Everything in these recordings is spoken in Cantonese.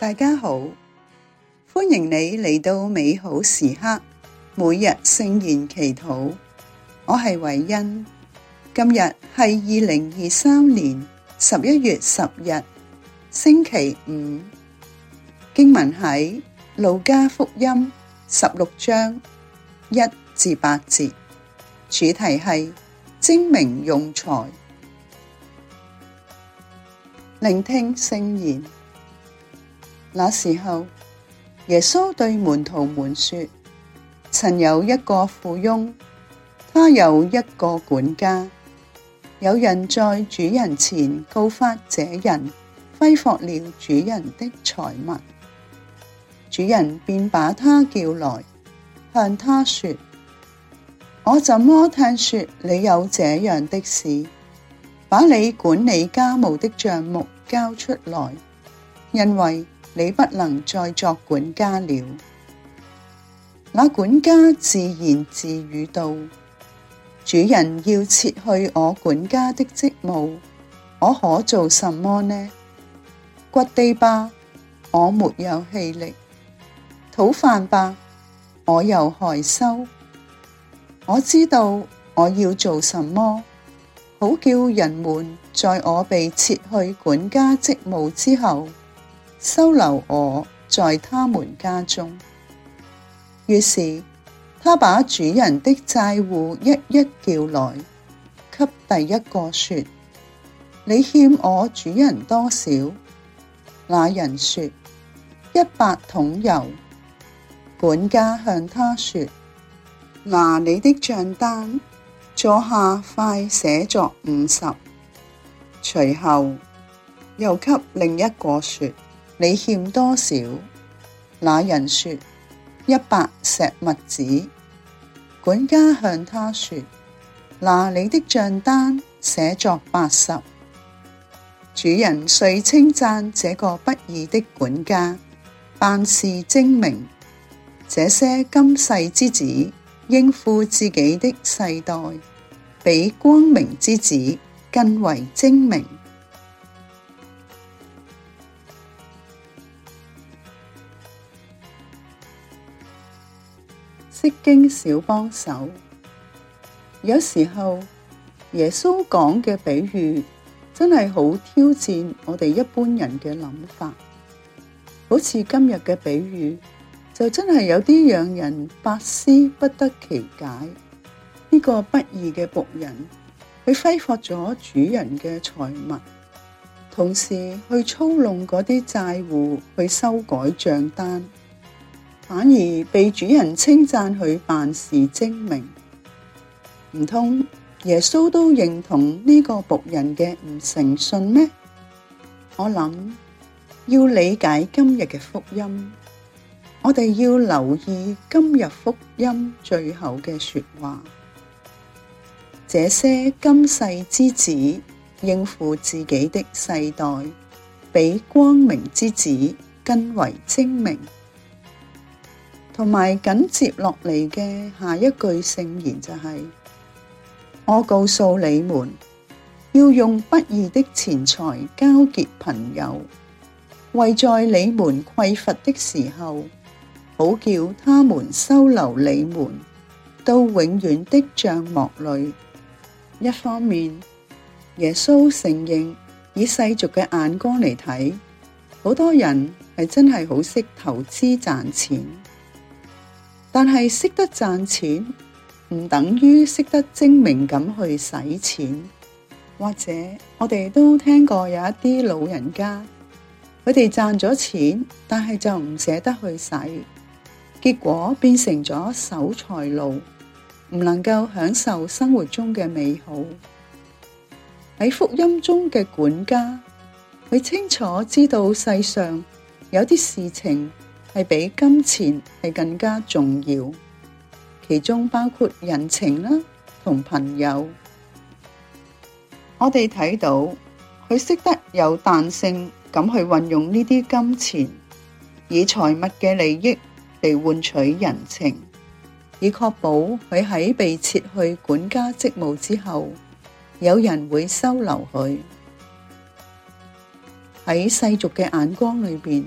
大家好，歡迎你嚟到美好時刻，每日聖言祈禱。我係偉恩，今日係二零二三年十一月十日，星期五。經文喺路加福音十六章一至八節，主題係精明用財。聆聽聖言。那時候，耶穌對門徒們說：「曾有一個富翁，他有一個管家。有人在主人前告發這人揮霍了主人的財物，主人便把他叫來，向他說：我怎麼聽說你有這樣的事？把你管理家務的賬目交出來，因為。你不能再作管家了。那管家自言自語道：主人要撤去我管家的職務，我可做什麼呢？掘地吧，我沒有氣力；討飯吧，我又害羞。我知道我要做什麼，好叫人們在我被撤去管家職務之後。收留我，在他們家中。於是他把主人的債戶一一叫來，給第一個說：你欠我主人多少？那人說：一百桶油。管家向他說：拿你的賬單，坐下快寫作五十。隨後又給另一個說。你欠多少？那人說，一百石麥子。管家向他說：拿你的賬單，寫作八十。主人遂稱讚這個不義的管家，辦事精明。這些今世之子應付自己的世代，比光明之子更為精明。釋經小幫手，有時候耶穌講嘅比喻真係好挑戰我哋一般人嘅諗法，好似今日嘅比喻就真係有啲讓人百思不得其解。呢、這個不義嘅僕人，佢揮霍咗主人嘅財物，同時去操弄嗰啲債戶，去修改賬單。反而被主人稱讚佢辦事精明，唔通耶穌都認同呢個僕人嘅唔誠信咩？我諗要理解今日嘅福音，我哋要留意今日福音最後嘅說話。這些今世之子應付自己的世代，比光明之子更為精明。同埋緊接落嚟嘅下一句聖言就係、是：我告訴你們，要用不義的錢財交結朋友，為在你們匱乏的時候，好叫他們收留你們到永遠的帳幕裏。一方面，耶穌承認以世俗嘅眼光嚟睇，好多人係真係好識投資賺錢。但係識得賺錢唔等於識得精明咁去使錢，或者我哋都聽過有一啲老人家，佢哋賺咗錢，但係就唔捨得去使，結果變成咗守財奴，唔能夠享受生活中嘅美好。喺福音中嘅管家，佢清楚知道世上有啲事情。係比金錢係更加重要，其中包括人情啦同朋友。我哋睇到佢識得有彈性咁去運用呢啲金錢，以財物嘅利益嚟換取人情，以確保佢喺被撤去管家職務之後，有人會收留佢。喺世俗嘅眼光裏面。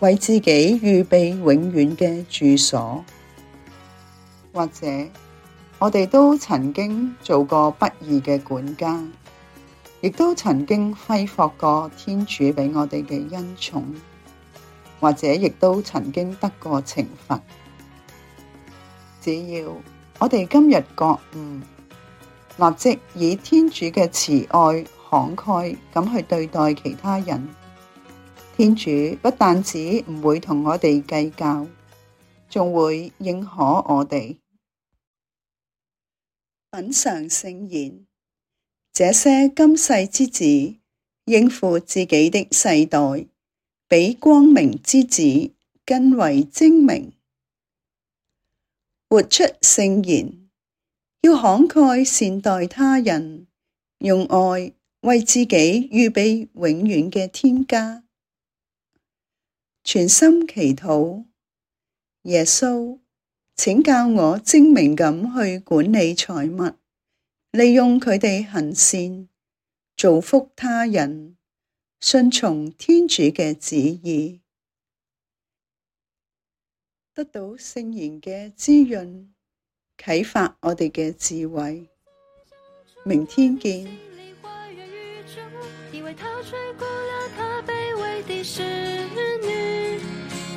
為自己預備永遠嘅住所，或者我哋都曾經做過不義嘅管家，亦都曾經揮霍過天主俾我哋嘅恩寵，或者亦都曾經得過懲罰。只要我哋今日覺悟，立即以天主嘅慈愛慷慨咁去對待其他人。天主不但止唔會同我哋計較，仲會認可我哋。品嚐聖言，這些今世之子應付自己的世代，比光明之子更為精明。活出聖言，要慷慨善待他人，用愛為自己預備永遠嘅天家。全心祈禱，耶穌，請教我精明咁去管理財物，利用佢哋行善，造福他人，順從天主嘅旨意，得到聖言嘅滋潤，啟發我哋嘅智慧。明天見。